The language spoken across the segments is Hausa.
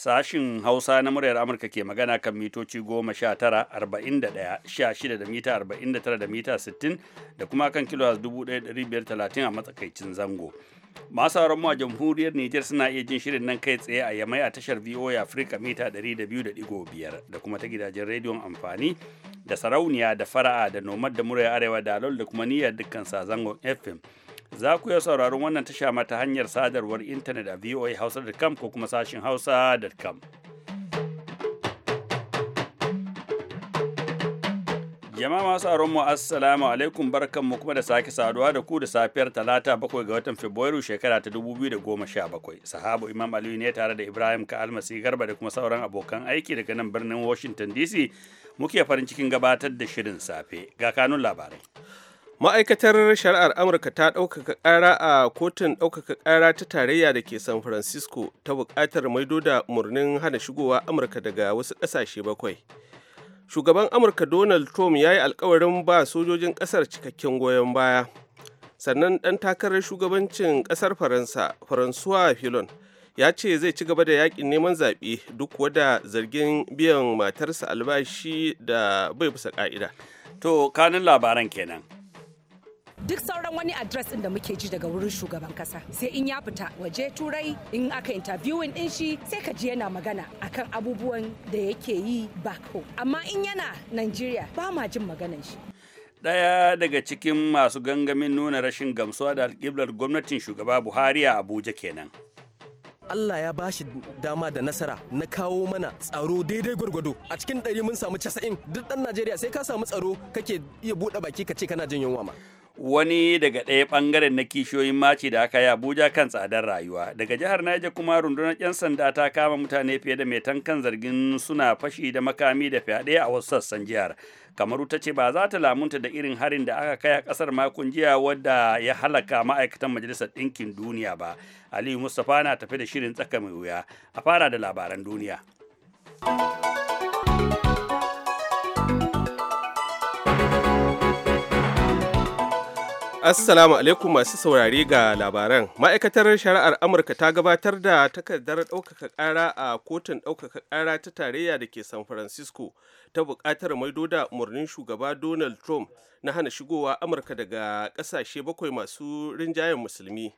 Sashin Hausa na muryar Amurka ke magana kan mitoci goma sha tara arba'in da ɗaya sha shida da mita arba'in da tara da mita sittin da kuma kan kilo dubu ɗaya biyar talatin a matsakaicin zango. Masu mu a jamhuriyar niger suna iya jin shirin nan kai tsaye a yamai a tashar VOA Africa mita 200.5 da kuma ta gidajen rediyon amfani da sarauniya da fara'a da nomad da murya arewa da da kuma niyyar dukkan sa zangon FM. za ku iya sauraron wannan tasha mata hanyar sadarwar intanet a voahausa.com ko kuma sashin hausa.com. Jama'a masu aron mu assalamu alaikum barkanmu kuma da sake saduwa da ku da safiyar talata bakwai ga watan Fabrairu shekara ta dubu biyu da goma sha bakwai Sahabu Imam Aliyu ne tare da Ibrahim ka almasi garba da kuma sauran abokan aiki daga nan birnin Washington DC muke farin cikin gabatar da shirin safe ga kanun labarai. ma'aikatar shari'ar amurka ta ɗaukaka ƙara a kotun ɗaukaka ƙara ta tarayya da ke san francisco ta buƙatar maido da murnin hana shigowa amurka daga wasu ƙasashe bakwai shugaban amurka donald trump ya yi alkawarin ba sojojin ƙasar cikakken goyon baya sannan ɗan takarar shugabancin ƙasar faransa françois filon ya ce zai ci gaba da yakin neman zaɓe duk wada zargin biyan matarsa albashi da bai bisa ƙa'ida to kanin labaran kenan duk sauran wani adres din da muke ji daga wurin shugaban kasa sai in ya fita waje turai in aka interviewing din shi sai ka ji yana magana akan abubuwan da yake yi back home amma in yana nigeria ba ma jin maganan shi daya daga cikin masu gangamin nuna rashin gamsuwa da alƙiblar gwamnatin shugaba Buhari a Abuja kenan. Allah ya bashi dama da nasara na kawo mana tsaro daidai gwargwado a cikin ɗari mun samu casa'in duk ɗan Najeriya sai ka samu tsaro kake iya buɗe baki ka ce kana jin yunwa ma. wani daga ɗaya ɓangaren na kishiyoyin maci da aka yi abuja kan tsadar rayuwa daga jihar naija kuma rundunar 'yan sanda ta kama mutane fiye da mai kan zargin suna fashi da makami da fyaɗe a wasu sassan jihar kamaru ta ce ba za ta lamunta da irin harin da aka kai a kasar makon jiya wadda ya halaka ma'aikatan majalisar ɗinkin duniya ba aliyu mustapha na tafi da shirin tsaka mai wuya a fara da labaran duniya Assalamu alaikum masu saurari ga labaran. Ma'aikatar shari'ar Amurka ta gabatar da takardar ɗaukaka ƙara a kotun ɗaukaka ƙara ta tarayya da ke San Francisco ta buƙatar maido da murnin shugaba Donald Trump na hana shigowa Amurka daga ƙasashe bakwai masu rinjayen musulmi.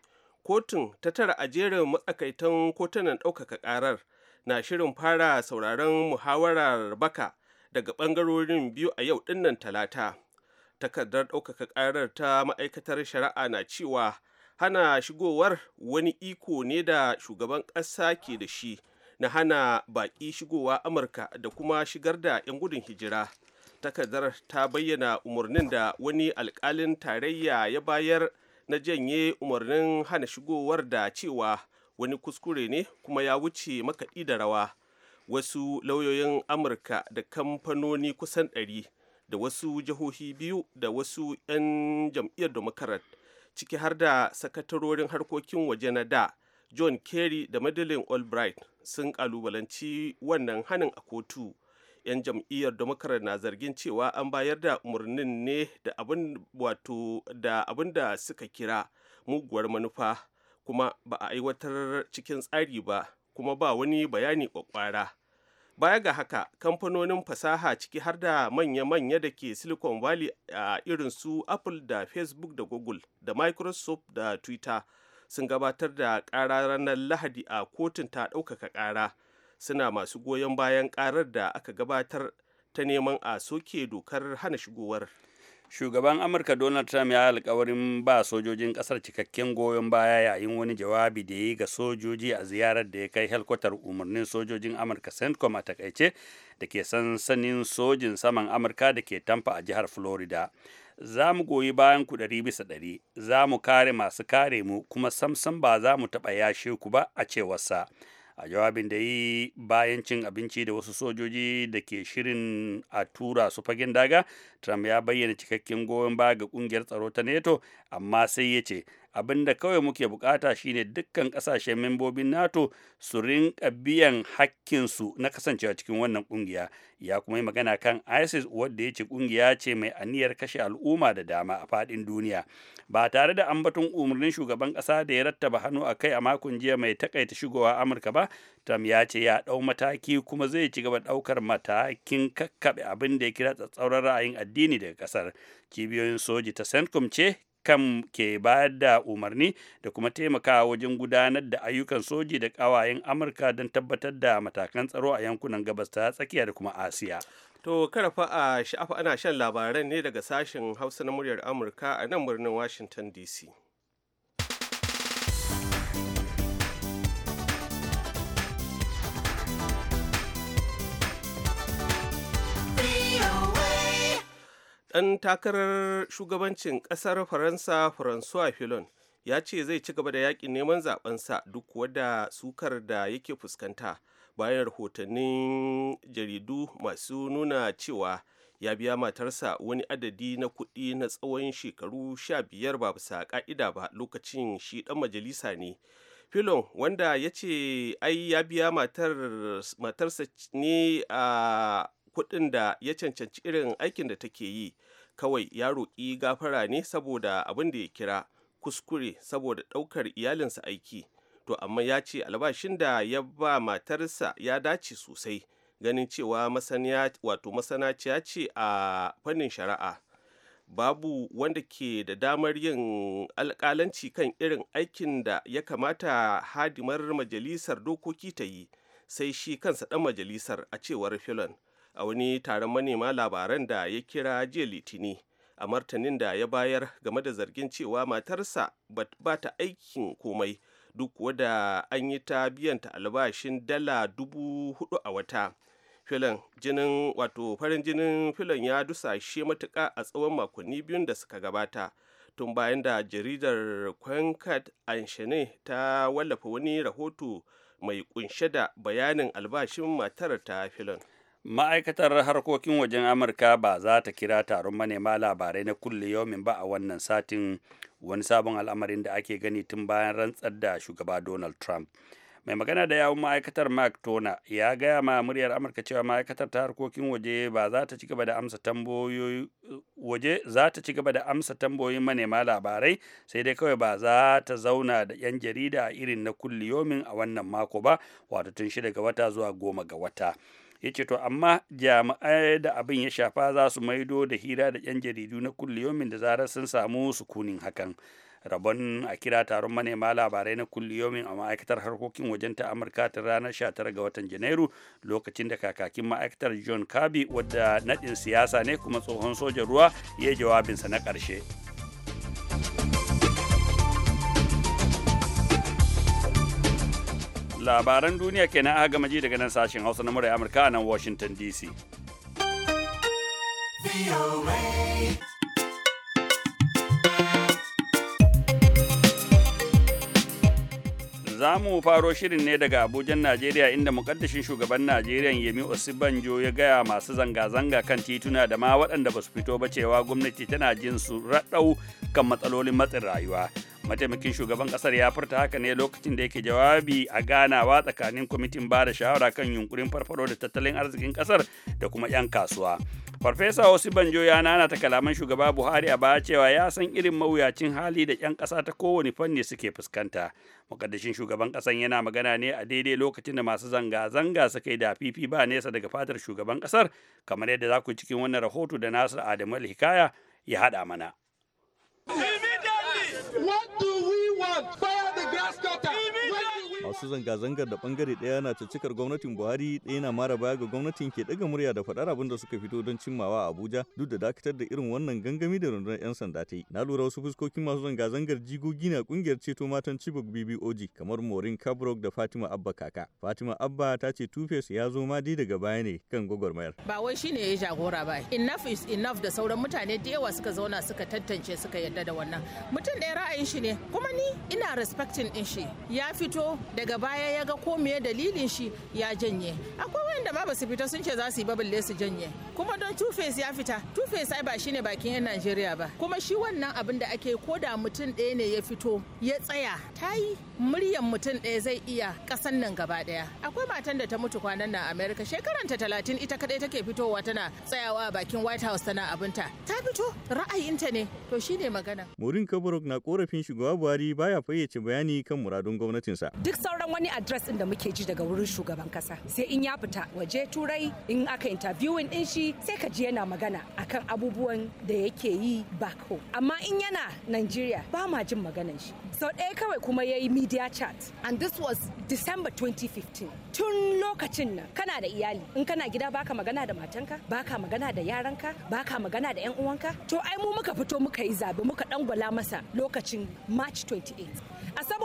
Kotun ta tara a jerin matsakaitan kotunan ɗaukaka ƙarar na shirin fara sauraron muhawarar baka daga ɓangarorin biyu a yau ɗinnan talata. takardar ɗaukaka ƙarar ta ma'aikatar shari'a na cewa hana shigowar wani iko ne da shugaban ƙasa ke da shi na hana baƙi shigowa amurka da kuma shigar da 'yan gudun hijira takardar ta bayyana umarnin da wani alƙalin tarayya ya bayar na janye umarnin hana shigowar da cewa wani kuskure ne kuma ya wuce makaɗi da rawa wasu lauyoyin amurka da kamfanoni kusan ɗari da wasu jihohi biyu da wasu 'yan jam'iyyar democrat ciki har da sakatarorin harkokin waje na da john kerry da madeleine albright sun kalubalanci wannan hanin a kotu 'yan jam'iyyar democrat na zargin cewa an bayar da murnin ne da abin wato da abin da suka kira muguwar manufa kuma ba a aiwatar cikin tsari ba kuma ba wani bayani kwakwara baya ga haka kamfanonin fasaha ciki har da manya-manya da ke silicon valley a irin su apple da facebook da google da microsoft da twitter sun gabatar da ƙara ranar lahadi a kotun ta ɗaukaka ƙara suna masu goyon bayan ƙarar da aka gabatar ta neman a soke dokar hana shigowar shugaban amurka donald trump ya alkawarin ba sojojin kasar cikakken goyon baya yayin wani jawabi da ya yi ga sojoji a ziyarar da ya kai helkwatar umarnin sojojin amurka centcom a takaice da ke sansanin sojin saman amurka da ke tamfa a jihar florida za mu goyi bayan ku ɗari bisa ɗari za mu kare masu kare mu kuma samsam ba za mu taɓa yashe ku ba a cewarsa. a jawabin da yi bayan cin abinci da wasu sojoji da ke shirin a tura su fagen daga trump ya bayyana cikakken goyon ba ga kungiyar tsaro ta neto amma sai ya ce abin da kawai muke bukata shine dukkan kasashen membobin nato su rinka biyan hakkinsu na kasancewa cikin wannan kungiya ya kuma yi magana kan isis wadda ya ce kungiya ce mai aniyar kashe al'umma da dama a fadin duniya ba tare da ambaton umarnin shugaban kasa da ya rattaba hannu a kai a makon jiya mai takaita shigowa amurka ba tam ya ce ya dau mataki kuma zai ci gaba daukar matakin kakkaɓe abin da ya kira tsatsauran ra'ayin addini daga kasar cibiyoyin soji ta centcom ce kan ke bayar da umarni da kuma taimakawa wajen gudanar da ayyukan soji da ƙawayen amurka don tabbatar da matakan tsaro a yankunan gabas ta tsakiya da kuma asiya to karfa a sha'afa ana shan labaran ne daga sashen hausa na muryar amurka a nan birnin washington dc dan takarar shugabancin kasar faransa francois filon ya ce zai ci gaba da yakin neman zabensa duk wadda sukar da yake fuskanta bayan rahotannin jaridu masu nuna cewa ya biya matarsa wani adadi na kuɗi na tsawon shekaru sha biyar ba bisa ka'ida ba lokacin shi dan majalisa ne filon wanda ya ce ai ya biya matarsa ne a kuɗin da ya cancanci irin aikin da take yi kawai ya roƙi gafara ne saboda abin da ya kira kuskure saboda ɗaukar iyalinsa aiki to amma ya ce albashin da ya ba matarsa ya dace sosai ganin cewa masaniya wato masanaciya ce a fannin shari'a babu wanda ke da damar yin alƙalanci kan irin aikin da ya kamata hadimar majalisar dokoki ta yi sai shi kansa ɗan majalisar a cewar filon a wani taron manema labaran da ya kira jiya litini a martanin da ya bayar game da zargin cewa matarsa ba ta aikin komai duk wada an yi ta biyan ta albashin dala dubu hudu a wata filin jinin wato farin jinin filin ya dusashe matuka a tsawon makonni biyun da suka gabata tun bayan da jaridar kwankat anshane ta wallafa wani rahoto mai kunshe da bayanin albashin matar ta filin ma'aikatar harkokin wajen amurka ba za ta kira taron manema labarai na kulle yomin ba a wannan satin wani sabon al'amarin da ake gani tun bayan rantsar da shugaba donald trump mai magana da yawun ma'aikatar mark tona ya gaya ma muryar amurka cewa ma'aikatar ta harkokin waje ba za ta ci gaba da amsa tambayoyi tambayoyin manema labarai sai dai kawai ba za ta zauna da yan jarida irin na kulliyomin a wannan mako ba wato tun shida ga wata zuwa goma ga wata yace to amma jami'ai da abin ya shafa za su maido da hira da yan jaridu na yomin da zarar sun samu sukunin hakan rabon a kira taron manema labarai na yomin a ma'aikatar harkokin wajen ta amurka ta ranar 19 ga watan janairu lokacin da kakakin ma'aikatar john kirby wadda nadin siyasa ne kuma tsohon sojan ruwa ya jawabinsa na karshe. labaran duniya kenan aka gama ji daga nan sashen hausa na murai amurka a nan washington dc za mu faro shirin ne daga abujan najeriya inda mukaddashin shugaban najeriya yemi osibanjo ya gaya masu zanga-zanga kan tituna da ma waɗanda ba su fito ba cewa gwamnati tana jin su raɗau kan matsalolin matsin rayuwa mataimakin shugaban kasar ya furta haka ne lokacin da yake jawabi a ganawa tsakanin kwamitin ba da shawara kan yunkurin farfaro da tattalin arzikin kasar da kuma 'yan kasuwa farfesa wasu banjo ya nana ta kalaman shugaba buhari a baya cewa ya san irin mawuyacin hali da 'yan ƙasa ta kowane fanni suke fuskanta mukaddashin shugaban kasan yana magana ne a daidai lokacin da masu zanga-zanga suka yi da ba nesa daga fatar shugaban kasar kamar yadda za ku cikin wannan rahoto da nasu adamu hikaya ya haɗa mana. What do we want? Fire the grass cutter. masu zanga-zangar da bangare daya na cikar gwamnatin buhari daya na mara baya ga gwamnatin ke daga murya da faɗar abin da suka fito don cimmawa a abuja duk da dakatar da irin wannan gangami da rundunar 'yan sanda ta yi na lura wasu fuskokin masu zanga-zangar jigogi na kungiyar ceto matan chibok bbog kamar maureen kabrok da fatima abba kaka fatima abba ta ce tufes ya zo ma dai daga baya ne kan gwagwarmayar ba wai ne ya jagora ba enough is enough da sauran mutane da yawa suka zauna suka tantance suka yadda da wannan mutum ɗaya ra'ayin shi ne kuma ni ina respecting din shi ya fi fito daga baya ya ga ko meye dalilin shi ya janye akwai wanda ma ba su fita sun ce za su yi baballe su janye kuma don two face ya fita two face ai ba shine bakin yan Najeriya ba kuma shi wannan abin da ake ko da mutum ɗaya ne ya fito ya tsaya ta yi muryan mutum ɗaya zai iya kasan nan gaba ɗaya akwai matan da ta mutu kwanan nan America ta talatin ita kadai take fitowa tana tsayawa bakin White House tana abin ta ta fito ra'ayinta ne to shine magana morin kabrok na korafin shugaba Buhari baya fayyace bayani kan muradun gwamnatin ofishinsa. Duk sauran wani address ɗin da muke ji daga wurin shugaban kasa sai in ya fita waje turai in aka interviewing din shi sai ka ji yana magana akan abubuwan da yake yi back home. Amma in yana Nigeria ba ma jin maganan shi. Sau ɗaya kawai kuma ya yi media chat and this was December 2015. Tun lokacin nan kana da iyali in kana gida baka magana da matanka baka magana da yaranka baka magana da yan uwanka to ai mu muka fito muka yi zabe muka dangwala masa lokacin March 28.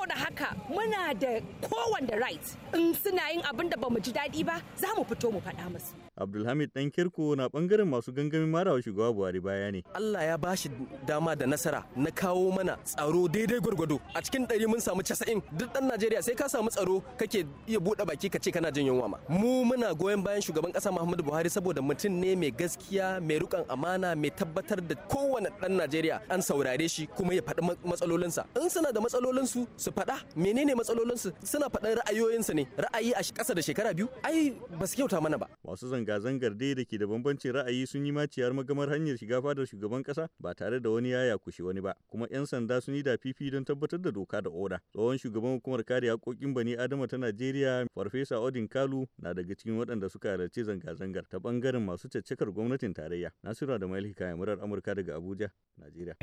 saboda haka muna da kowanne right in suna yin abin da ba mu ji daɗi ba za mu fito mu faɗa musu Abdulhamid Dan Kirko na bangaren masu gangamin marawa shugaba Buhari baya ne. Allah ya bashi dama da nasara na kawo mana tsaro daidai gwargwado. A cikin ɗari mun samu casa'in duk ɗan Najeriya sai ka samu tsaro kake iya buɗe baki ka ce kana jin yunwa ma. Mu muna goyon bayan shugaban ƙasa Muhammadu Buhari saboda mutum ne mai gaskiya, mai rukan amana, mai tabbatar da kowane ɗan Najeriya an saurare shi kuma ya faɗi matsalolinsa. In suna da matsalolinsu su faɗa menene matsalolinsu suna fadan ra'ayoyinsu ne ra'ayi a ƙasa da shekara biyu ai ba su kyauta mana ba. Masu zanga-zangar dai da ke da bambancin ra'ayi sun yi maciyar magamar hanyar shiga fadar shugaban kasa ba tare da wani yaya kushe wani ba kuma 'yan sanda sun yi da fifi don tabbatar da doka da oda tsohon shugaban hukumar kare haƙoƙin bani adama ta najeriya farfesa odin kalu na daga cikin waɗanda suka halarci zanga-zangar ta ɓangaren masu caccakar gwamnatin tarayya nasiru da malika murar amurka daga abuja najeriya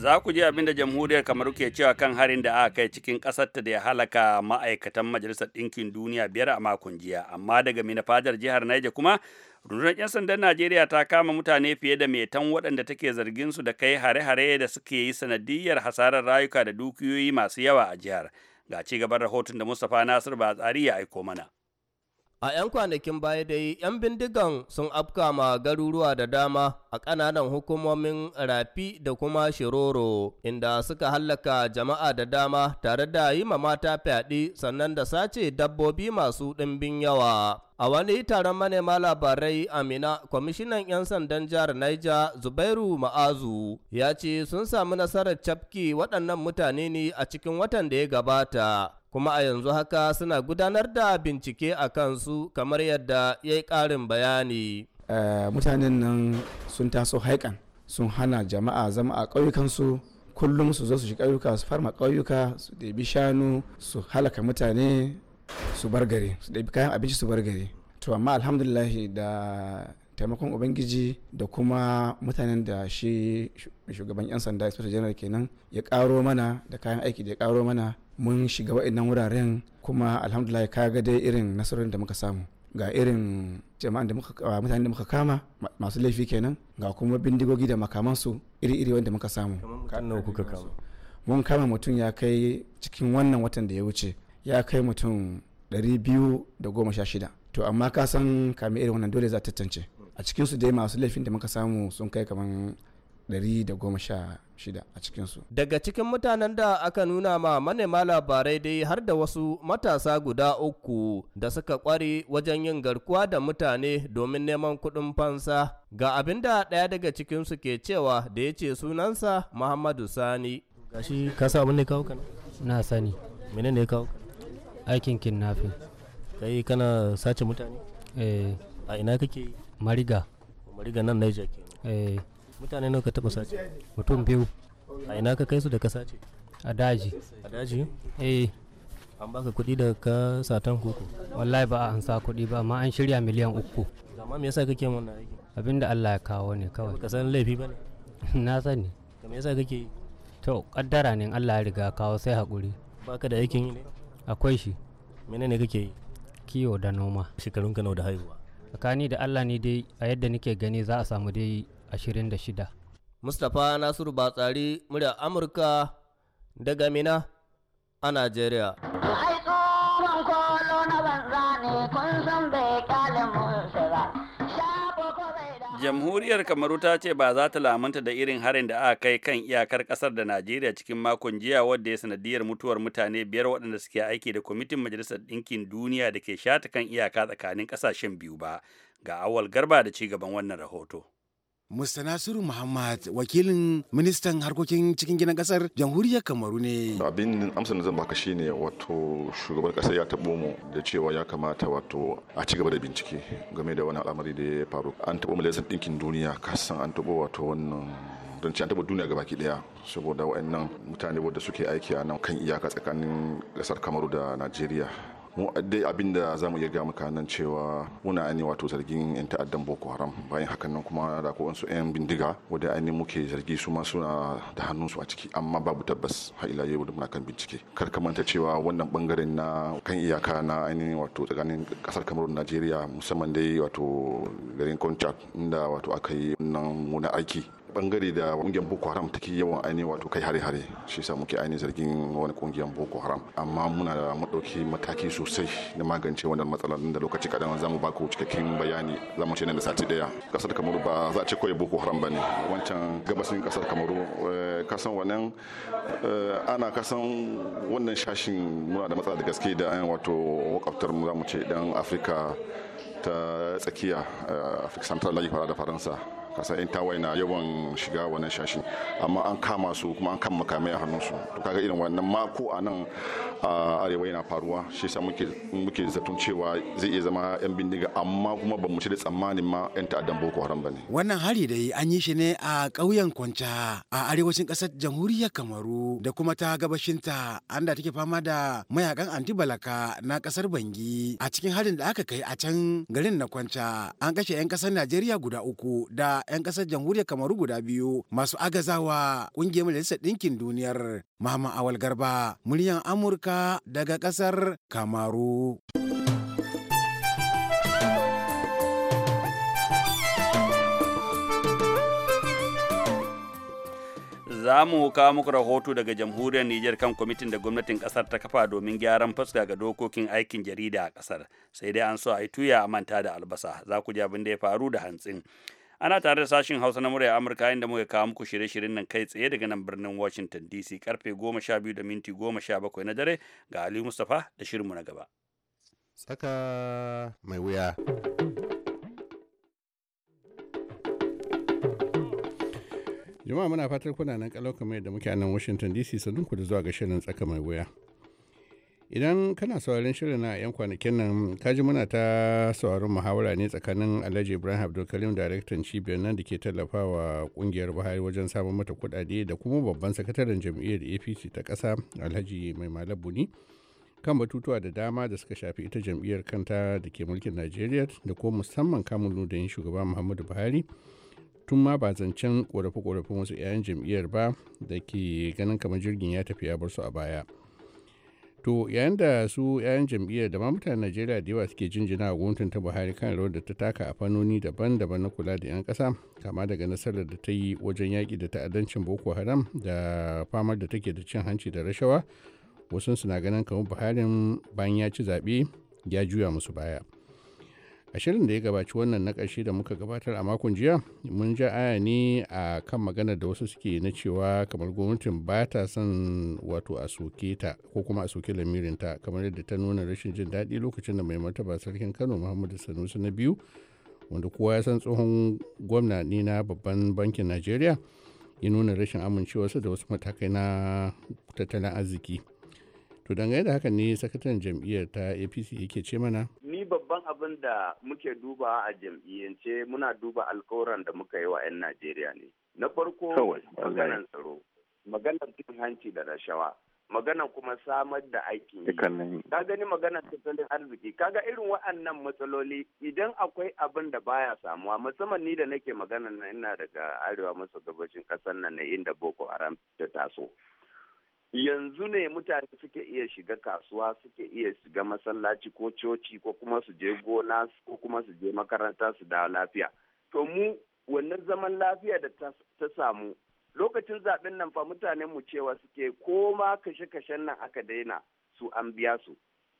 za ku ji abin da jamhuriyar kamaru ke cewa kan harin da aka kai cikin ta da ya halaka ma'aikatan majalisar ɗinkin duniya biyar a makon jiya amma daga mina fadar jihar naija kuma rundunar 'yan sandan najeriya ta kama mutane fiye da metan waɗanda take zargin su da kai hare-hare da suke yi sanadiyyar hasarar rayuka da dukiyoyi masu yawa a jihar ga ci gaban rahoton da mustapha nasir ba tsari ya aiko mana A 'yan kwanakin baya dai, 'yan bindigan sun afka ma garuruwa da dama a ƙananan hukumomin rafi da kuma shiroro, inda suka hallaka jama'a da dama tare da yi ma mata fyaɗe sannan da sace dabbobi masu ɗimbin yawa. A wani taron manema labarai Amina, kwamishinan 'yan sandan jihar Niger Zubairu Ma'azu ya ce sun samu nasarar cafke waɗannan mutane ne a cikin watan da ya gabata. kuma a yanzu haka suna gudanar da bincike a kansu kamar yadda ya yi ƙarin bayani. Eh, mutanen nan sun taso haikan sun hana jama'a zama a ƙauyukansu kullum su zo su shi ƙauyuka su farma ƙauyuka su ɗebi shanu su halaka mutane su bar gari su ɗebi kayan abinci su bar gari to amma alhamdulillah da taimakon ubangiji da kuma mutanen da shi shugaban 'yan sanda inspector kenan ya karo mana da kayan aiki da ya karo mana mun shiga wa'annan wuraren kuma alhamdulillah ka ga dai irin nasarorin da muka samu ga irin jama'an da muka mutane da muka kama masu laifi kenan ga kuma bindigogi da makamansu iri-iri wanda muka samu mun kama mutum ya kai cikin wannan watan da ya wuce ya kai mutum 216 to amma ka san kame irin wannan dole za ta tantance a cikinsu dai masu laifin da muka samu sun kai kamar 116 a cikinsu. Daga cikin mutanen da aka nuna ma manema labarai dai har da wasu matasa guda uku da suka kware wajen yin garkuwa da mutane domin neman kuɗin fansa ga abin da ɗaya daga cikinsu ke cewa da ya ce sunansa Muhammadu Sani. Gashi ka sa abin da kawo ka Na sani. Mene ne kawo? Aikin kidnapping. Kai kana sace mutane? Eh. A ina kake? Mariga. Mariga nan Niger ke. Eh. mutane nawa ka taba sace mutum biyu a ina ka kai su da ka sace a daji a daji eh an baka kuɗi da ka satan kuku wallahi ba an sa kuɗi ba amma an shirya miliyan uku amma me yasa kake wannan aiki abinda Allah ya kawo ne kawai ka san laifi bane na sani ka me yasa kake yi to kaddara ne Allah ya riga kawo sai hakuri baka da aikin yi ne akwai shi menene kake yi kiwo da noma shekarunka nawa da haihuwa tsakani da Allah ne dai a yadda nake gani za a samu dai 26. Mustapha Nasiru Batsari murya Amurka daga Mina a Najeriya. Jamhuriyar Kamaru ta ce ba za ta lamunta da irin harin da aka kai kan iyakar kasar da Najeriya cikin makon jiya wadda ya sanadiyar mutuwar mutane biyar waɗanda suke aiki da kwamitin Majalisar Ɗinkin Duniya da ke shata kan iyaka tsakanin ƙasashen biyu ba. Ga awal garba da ci gaban wannan rahoto. Musta Nasiru Muhammad wakilin ministan harkokin cikin gidan kasar jamhuriyar Kamaru ne. Abin amsar da zan baka shine wato shugaban kasar ya tabo mu da cewa ya kamata wato a ci gaba da bincike game da wani al'amari da ya faru. An tabo majalisar ɗinkin duniya kasan an tabo wato wannan don ci an taba duniya gabaki daya saboda waɗannan mutane wadda suke aiki a nan kan iyaka tsakanin kasar kamaru da najeriya mu dai abinda za mu iya ga maka nan cewa muna ainihin wato zargin yan ta'addan boko haram bayan hakan nan kuma da ko wasu yan bindiga wanda ainihin muke zargi su ma suna da hannunsu a ciki amma babu tabbas har ila yau da muna kan bincike kar ka manta cewa wannan bangaren na kan iyaka na ainihin wato tsakanin kasar kamarun najeriya musamman dai wato garin kontakt inda wato aka yi wannan muna aiki bangare da kungiyar boko haram take yawan aini wato kai hare-hare shi sa muke aini zargin wani kungiyar boko haram amma muna da mataki sosai na magance wannan matsalar da lokaci kadan za mu baku cikakken bayani za mu ce nan da sati daya kasar kamaru ba za a ce kawai boko haram ba ne wancan gabasin kasar kamaru eh, kasan wannan eh, ana kasan wannan shashin muna da matsala da gaske da ayan wato wakaftar mu za mu ce dan afirka ta tsakiya eh, afirka central fara da faransa kasa in na yawan shiga wannan shashi amma an kama su kuma an kan makamai a hannunsu to kaga irin wannan mako a nan a arewa yana faruwa shi yasa muke muke zaton cewa zai iya zama yan bindiga amma kuma ba mu ci da tsammanin ma yan ta'addan boko haram bane wannan hari dai an yi shi ne a ƙauyen kwanca a arewacin ƙasar jamhuriyar kamaru da kuma ta gabashinta an da take fama da mayakan antibalaka na ƙasar bangi a cikin harin da aka kai a can garin na kwanca an kashe 'yan ƙasar najeriya guda uku da 'yan ƙasar jamhuriyar kamaru guda biyu masu agazawa ƙungiyar majalisar ɗinkin duniyar mama Awal Garba muryan Amurka daga ƙasar Kamaru. za mu kawo muku rahoto daga jamhuriyar Nijar kan kwamitin da gwamnatin kasar ta kafa domin gyaran fuska ga dokokin aikin jarida a kasar sai dai an so a yi tuya a manta da albasa za ku ji abin da ya faru da hantsin ana tare da sashin hausa na murya amurka inda muka kawo muku shirye-shiryen nan kai tsaye daga nan birnin washington dc karfe 12 da minti 17 na dare ga aliyu mustapha da shirinmu na gaba tsaka mai wuya jama'a muna fatar kuna nan kalau kamar yadda muke a nan washington dc sanin ku da zuwa ga shirin tsaka mai wuya idan kana saurin shirin na 'yan kwanakin nan kaji muna ta sauraron muhawara ne tsakanin alhaji ibrahim abdulkarim daraktan cibiyar nan da ke tallafawa kungiyar buhari wajen samun mata kudade da kuma babban sakataren jam'iyyar apc ta ƙasa alhaji mai malabuni kan batutuwa da dama da suka shafi ita jam'iyyar kanta da ke mulkin najeriya da kuma musamman kamun ludayin shugaba muhammadu buhari tun ma ba zancen korafe korafin wasu 'ya'yan jam'iyyar ba da ke ganin kamar jirgin ya tafi ya bar su a baya to yayin da su 'ya'yan jam'iyyar da ma mutanen najeriya da yawa suke jinjina a gwamnatin ta buhari kan rawar da ta taka a fannoni daban-daban na kula da 'yan ƙasa kama daga nasarar da ta yi wajen yaƙi da ta'addancin boko haram da famar da take da cin hanci da rashawa wasu suna ganin kamar buharin bayan ya ci zaɓe ya juya musu baya a shirin da ya gabaci wannan na ƙarshe da muka gabatar a makon jiya mun ja aya ne a kan magana da wasu suke na cewa kamar gwamnatin ba ta son wato a soke ta ko kuma a soke lamirinta kamar yadda ta nuna rashin jin daɗi lokacin da mai martaba sarkin kano muhammadu sanusi na biyu wanda kowa ya san tsohon gwamna ne na babban bankin najeriya ya nuna rashin amincewarsa da wasu matakai na tattalin arziki to dangane da haka ne sakataren jam'iyyar ta apc yake ce mana babban abin da muke duba a jam'iyyance muna duba alkawuran da muka yi wa 'yan Najeriya ne. Na farko maganar tsaro, maganar cin hanci da rashawa, maganar kuma samar da aikin yi. Ka gani maganar tattalin arziki, kaga irin wa'annan matsaloli idan akwai abin da baya samuwa musamman ni da nake maganar na ina daga arewa maso gabashin ƙasar nan na inda Boko Haram ta taso. yanzu ne mutane suke iya shiga kasuwa suke iya shiga masallaci ko coci ko kuma su je gona ko kuma su je makaranta su da lafiya to mu wannan zaman lafiya da ta samu lokacin zaɓen nan fa mutanen mu cewa suke koma kashe-kashen nan aka daina su an biya su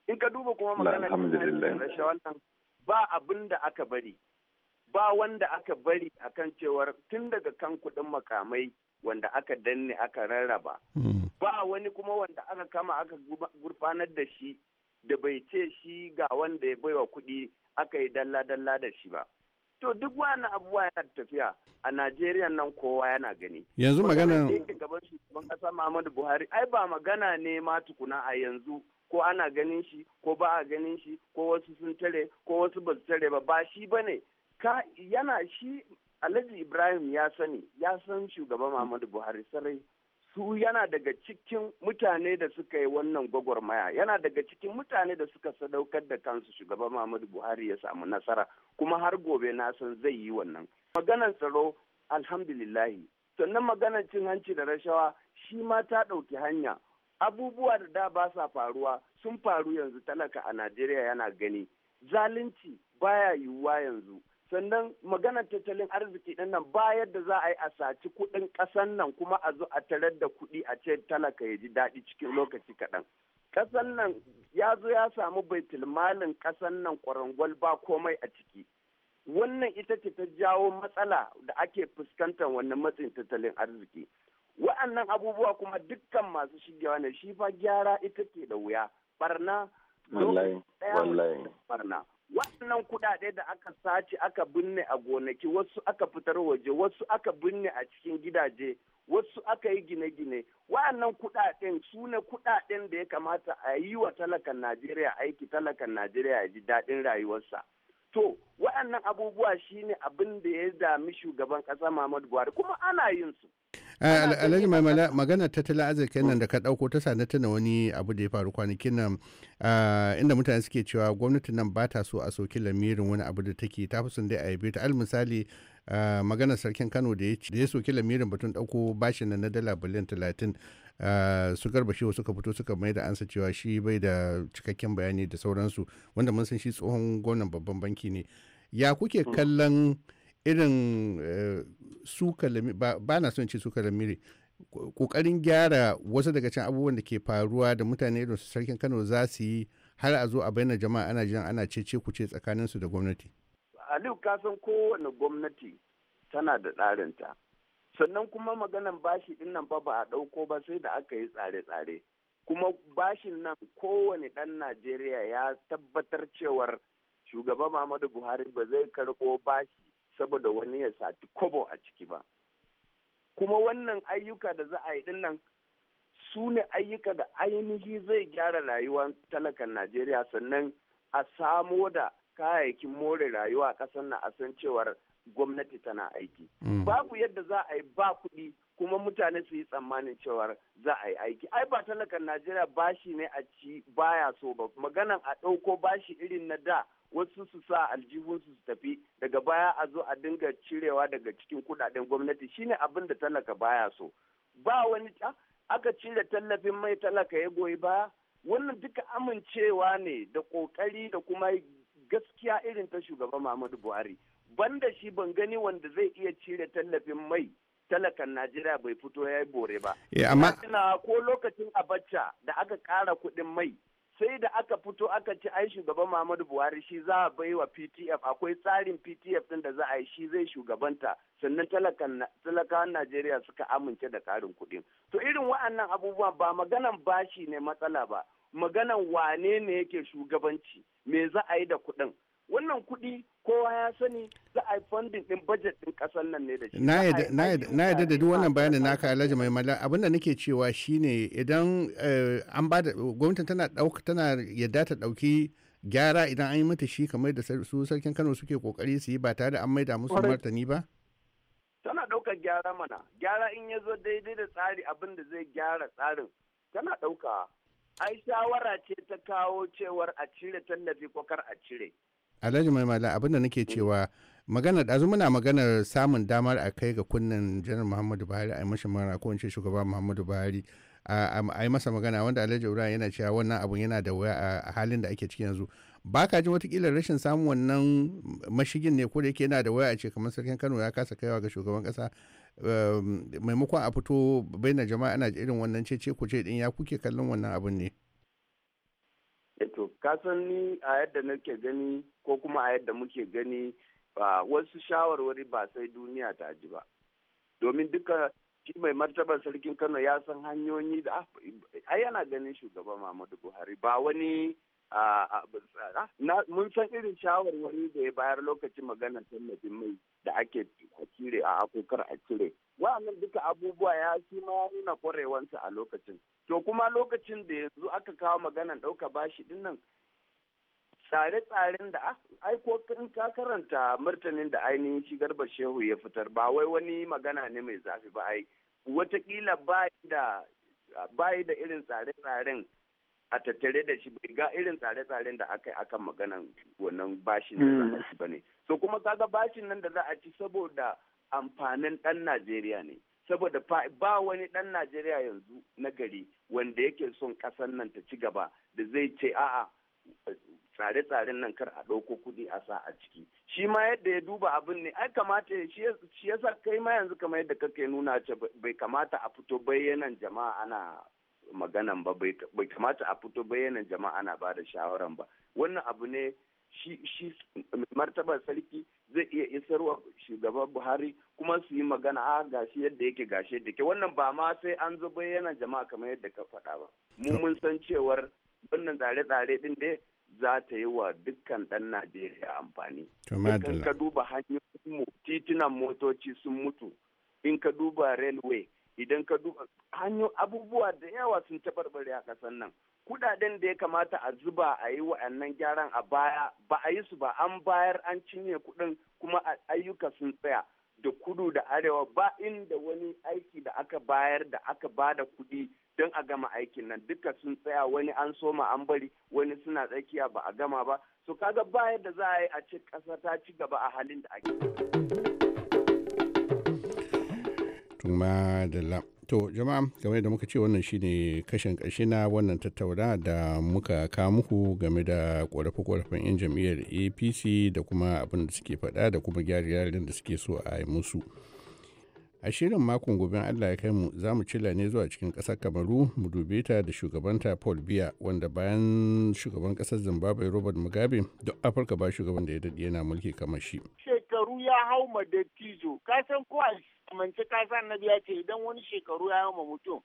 in ka duba kuma maganar nan ba abin da aka bari ba wanda aka bari akan cewar tun daga kan kuɗin makamai wanda aka danne aka rarraba hmm. ba wani kuma wanda aka kama aka gurfanar da shi da bai ce shi ga wanda ya baiwa kuɗi aka yi dalla-dalla da shi ba. To duk wani abubuwa yana tafiya a Najeriya nan kowa yana gani. Yanzu magana. gaban shugaban ƙasa Muhammadu Buhari ai ba magana ne ma tukuna a yanzu ko ana ganin shi ko ba a ganin shi ko wasu sun tare ko wasu ba su tare ba ba shi ba ne. yana shi Alhaji Ibrahim ya sani ya san shugaban Muhammadu Buhari sarai su yana daga cikin mutane da suka yi wannan gwagwarmaya yana daga cikin mutane da suka sadaukar da kansu shugaban Muhammadu Buhari ya samu nasara kuma har gobe na san zai yi wannan maganar tsaro alhamdulillahi sannan maganar cin hanci da rashawa shi ma ta ɗauki hanya abubuwa da da ba sa faruwa sun faru yanzu talaka a Najeriya yana gani zalunci baya yiwuwa yanzu sannan maganar tattalin arziki ɗin nan ba yadda za a yi a saci kuɗin ƙasan nan kuma a zo a tarar da kuɗi a ce talaka ya ji daɗi cikin lokaci kaɗan. Ƙasan nan ya zo ya samu baitulmalin ƙasan nan ƙwarangwal ba komai a ciki. Wannan ita ce ta jawo matsala da ake fuskantar wannan matsin tattalin arziki. Wa'annan abubuwa kuma dukkan masu shigewa ne shi fa gyara ita ke da wuya. Barna. Wallahi. Barna. waɗannan kuɗaɗe da aka sace aka binne a gonaki wasu aka fitar waje wasu aka binne a cikin gidaje wasu aka yi gine-gine waɗannan kuɗaɗen su ne kuɗaɗen da ya kamata a yi wa talakan najeriya aiki talakan najeriya ya ji daɗin rayuwarsa to waɗannan abubuwa shine abin da ya dami shugaban ƙasa Muhammadu Buhari kuma ana yin su eh, alhaji mai magana tattalin arzikin nan da ka ɗauko ta sani tana wani abu da ya faru kwanakin nan ah, inda mutane suke cewa gwamnati nan ba ta so a soki lamirin wani abu da take ta fi sun dai a yabe ta al misali ah, maganar sarkin kano da ya soki lamirin batun ɗauko bashin na dala biliyan talatin Eh, su garba shehu suka fito suka mai da ansa cewa shi bai da cikakken bayani da sauransu wanda mun san shi tsohon gwamnan babban banki ne ya kuke hmm. kallon irin eh, su ba na son ce su kalamiri kokarin gyara wasu daga can abubuwan da ke faruwa da mutane irin su sarkin kano za su yi har a zo a bayyana jama'a ana jan ana cece tsakanin su da gwamnati aliyu kasan kowane gwamnati tana da tsarinta sannan kuma maganan bashi din nan ba ba a ɗauko ba sai da aka yi tsare-tsare kuma bashin nan kowane ɗan najeriya ya tabbatar cewar shugaba muhammadu buhari ba zai karɓo bashi saboda wani ya sati kobo a ciki ba kuma wannan ayyuka da za a yi dinnan su ne ayyuka da ainihi zai gyara rayuwar talakan najeriya sannan a samo da kayayyakin more rayuwa a ƙasar na a san cewar gwamnati tana aiki. Mm. Babu yadda za a yi ba kuɗi kuma mutane su yi tsammanin cewar za a yi aiki. Ai ba talakan Najeriya bashi ne a ci baya so ba. Maganan a ɗauko bashi irin na da wasu su sa aljihunsu su tafi daga baya a zo a dinga cirewa daga cikin kuɗaɗen gwamnati shine abin da talaka baya so. Ba wani aka cire tallafin mai talaka ya goyi baya. Wannan duka amincewa ne da ƙoƙari da kuma gaskiya irin ta shugaba Muhammadu Buhari banda shi ban gani wanda zai iya cire tallafin mai talakan Najeriya bai fito ya yi bore ba. Eh, amma ko lokacin Abacha da aka kara kuɗin mai sai da aka fito aka ci ai shugaban Muhammadu Buhari shi za a bai wa PTF akwai tsarin PTF din da za a yi shi zai shugabanta sannan talakawan Najeriya suka amince da karin kuɗin. To irin wa'annan abubuwan ba maganan bashi ne matsala ba maganan wane ne yake shugabanci me za a yi da kuɗin wannan kuɗi kowa ya sani za a yi funding din budget ɗin ƙasar nan ne da shi na yadda da duk wannan bayanin ka alhaji mai mala abinda nake cewa shine idan eh, an ba da gwamnatin tana ɗauka tana yadda ta ɗauki gyara idan an yi mata shi kamar da su sarkin kano suke kokari su yi ba tare da an maida musu martani ba tana ɗaukar gyara mana gyara in ya zo daidai da tsari abin da zai gyara tsarin tana ɗauka ai shawara ce ta kawo cewar a cire tallafi ko kar a cire alhaji mai mala abinda nake mm. cewa maganar ɗazu muna maganar samun damar a kai ga kunnen janar muhammadu buhari a yi mashi mara ko ce shugaba muhammadu buhari a yi masa magana wanda alhaji ibrahim yana cewa wannan abun yana da wuya a halin da ake ciki yanzu ba ka ji watakila rashin samun wannan mashigin ne ko da yake yana da waya a ce kamar sarkin kano ya kasa kaiwa ga shugaban kasa Ehm, maimakon a fito na jama'a ana irin wannan cece ce din ya kuke kallon wannan abin ne eh to kasan ni a yadda nake gani ko kuma a yadda muke gani ba wasu shawarwari ba sai duniya ta ji ba domin duka shi mai martabar sarkin kano ya san hanyoyi da ai yana ganin shugaban muhammadu buhari ba wani mun san irin shawarwari da ya bayar lokacin maganar tallafin mai da ake a cire a akokar a cire wa'annan duka abubuwa ya shi ma nuna kwarewansa a lokacin to kuma lokacin da yanzu aka kawo maganar ɗauka bashi dinnan tsare-tsaren da ah, ai ko in ka karanta martanin da ainihin shigar garba shehu ya fitar ba wai wani magana ne mai zafi ba ai watakila ba da irin tsare-tsaren a tattare da shi bai ga irin tsare-tsaren da aka yi akan maganan wannan bashin da za a hmm. ci ba ne so kuma kaga bashin nan da za a ci saboda amfanin ɗan najeriya ne saboda ba wani ɗan najeriya yanzu na gari wanda yake son ƙasar nan ta ci gaba da zai ce a'a tsare-tsaren nan kar a ɗauko kuɗi a sa a ciki shi ma yadda ya duba abin ne ai kamata shi yasa kai ma yanzu kamar yadda kake nuna ce bai kamata a fito bayyanan jama'a ana maganan ba bai kamata a fito bayanan jama'a na ba da shawaran ba wannan abu ne shi shi martaba sarki zai iya isarwa shugaban buhari kuma su yi magana a ah, gashi yadda yake gashi yadda ke wannan ba ma sai an zo bayyana jama'a kamar yadda ka faɗa ba mu mun san cewar wannan tsare-tsare din dai za ta yi wa dukkan ɗan najeriya amfani in ka duba hanyoyin mu titunan motoci sun mutu in ka duba railway idan ka duba hanyo abubuwa da yawa sun taɓarɓare a ƙasar nan kuɗaɗen da ya kamata a zuba a yi wa'annan gyaran a baya ba a yi su ba an bayar an cinye kuɗin kuma ayyuka sun tsaya da kudu da arewa ba inda wani aiki da aka bayar da aka ba da kuɗi don a gama aikin nan duka sun tsaya wani an soma an bari wani suna tsakiya ba a gama ba su kaga bayar da za a yi a ce ƙasa ta ci gaba a halin da ake Tuma da la. To jama'a game da muka ce wannan shine kashin ƙarshe na wannan tattauna da muka kawo muku game da ƙorafe-ƙorafen 'yan jam'iyyar APC da kuma abin da suke faɗa da kuma gyare-gyaren da suke so a yi musu. a shirin makon gobe allah ya kai mu za mu cila ne zuwa cikin ƙasar kamaru mu dube ta da shugabanta paul biya wanda bayan shugaban ƙasar zimbabwe robert mugabe duk afirka ba shugaban da ya daɗe yana mulki kamar shi shekaru ya hau ma dattijo ka san ko ilmance kasa annabi ya ce idan wani shekaru ya yi mutum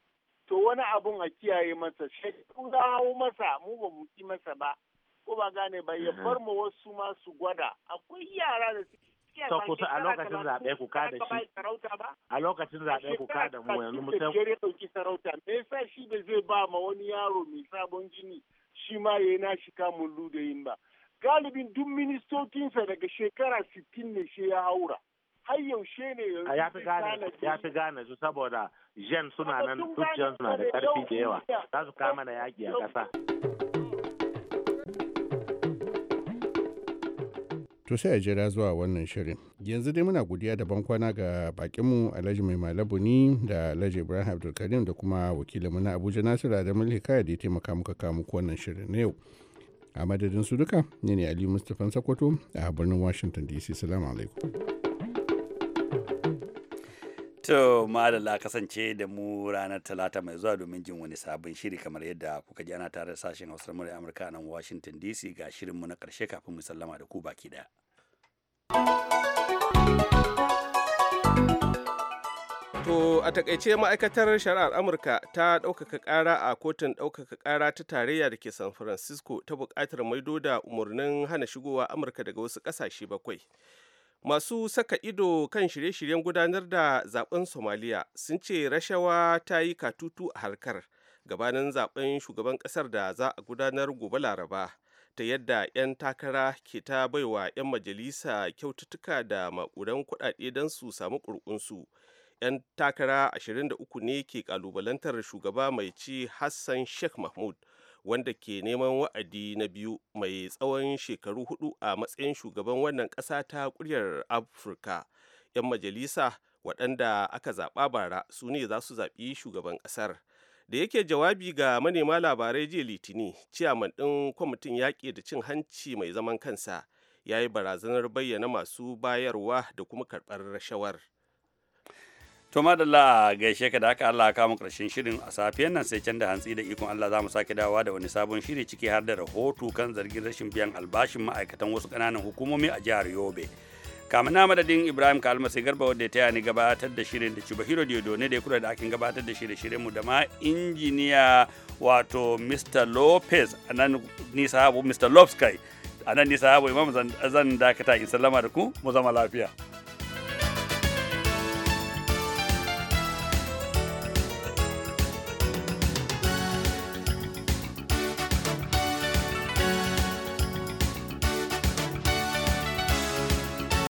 to wani abun a kiyaye masa shekaru za hau masa mu ba mu ki masa ba ko ba gane ba ya bar mu wasu ma su gwada akwai yara da suke ta kusa a lokacin zaɓe ku ka da shi a lokacin zaɓe ku ka da mu yanzu mutum ya ɗauki sarauta me yasa shi da zai ba ma wani yaro mai sabon jini shi ma ya yi nashi kamun ludayin ba galibin duk ministocinsa daga shekara sittin ne shi ya haura har yaushe ne ya fi gane su saboda jen suna nan dukkan suna da karfi da yawa za su kama na yaƙi a ƙasa. To sai a jira zuwa wannan shirin. Yanzu dai muna godiya da bankwana ga bakinmu Alhaji Mai Malabu ni da Alhaji Ibrahim Abdulkarim da kuma wakilinmu na Abuja Nasiru da Mulika da ya taimaka muka kamo ko wannan shirin na yau. A madadin su duka, ne ne Aliyu Mustapha Sakwato a birnin Washington DC. Salamu alaikum. To, madalla kasance da mu ranar talata mai zuwa domin jin wani sabon shiri kamar yadda kuka ji ana tare da sashen hausar murya Amurka nan Washington DC ga shirin mu na karshe kafin mu sallama da ku baki daya. To a takaice ma'aikatar shari'ar Amurka ta ɗaukaka ƙara a kotun ɗaukaka ƙara ta tarayya da ke San Francisco ta buƙatar maido da umarnin hana shigowa Amurka daga wasu ƙasashe bakwai. masu saka ido kan shirye-shiryen gudanar da zaben somaliya sun ce rashawa ta yi katutu a harkar gabanin zaben shugaban kasar da za a gudanar gobe laraba ta yadda 'yan takara ke ta baiwa 'yan majalisa kyaututtuka da makudan kudade don su samu kurkunsu 'yan takara 23 ne ke kalubalantar shugaba mai ci hassan sheikh mahmud wanda ke neman wa'adi na biyu mai tsawon shekaru hudu a matsayin shugaban wannan ƙasa ta ƙuryar afirka 'yan majalisa waɗanda aka zaɓa bara su ne za su zaɓi shugaban ƙasar da yake jawabi ga manema labarai jiya litini ciyaman ɗin kwamitin yaƙi da cin hanci mai zaman kansa ya yi barazanar bayyana masu bayarwa da kuma karɓar rashawar. to madalla gaishe ka da haka Allah ka mu karshen shirin a safiyar nan sai can da hantsi da ikon Allah za mu sake dawowa da wani sabon shiri ciki har da rahoto kan zargin rashin biyan albashin ma'aikatan wasu kananan hukumomi a jihar Yobe kamin na madadin Ibrahim Kalma sai garba wanda ya taya ni gabatar da shirin da Chibahiro Diodo ne da ya kula da akin gabatar da shirin shirin mu da ma injiniya wato Mr Lopez anan ni sahabu Mr anan ni sahabu Imam zan dakata in sallama da ku mu zama lafiya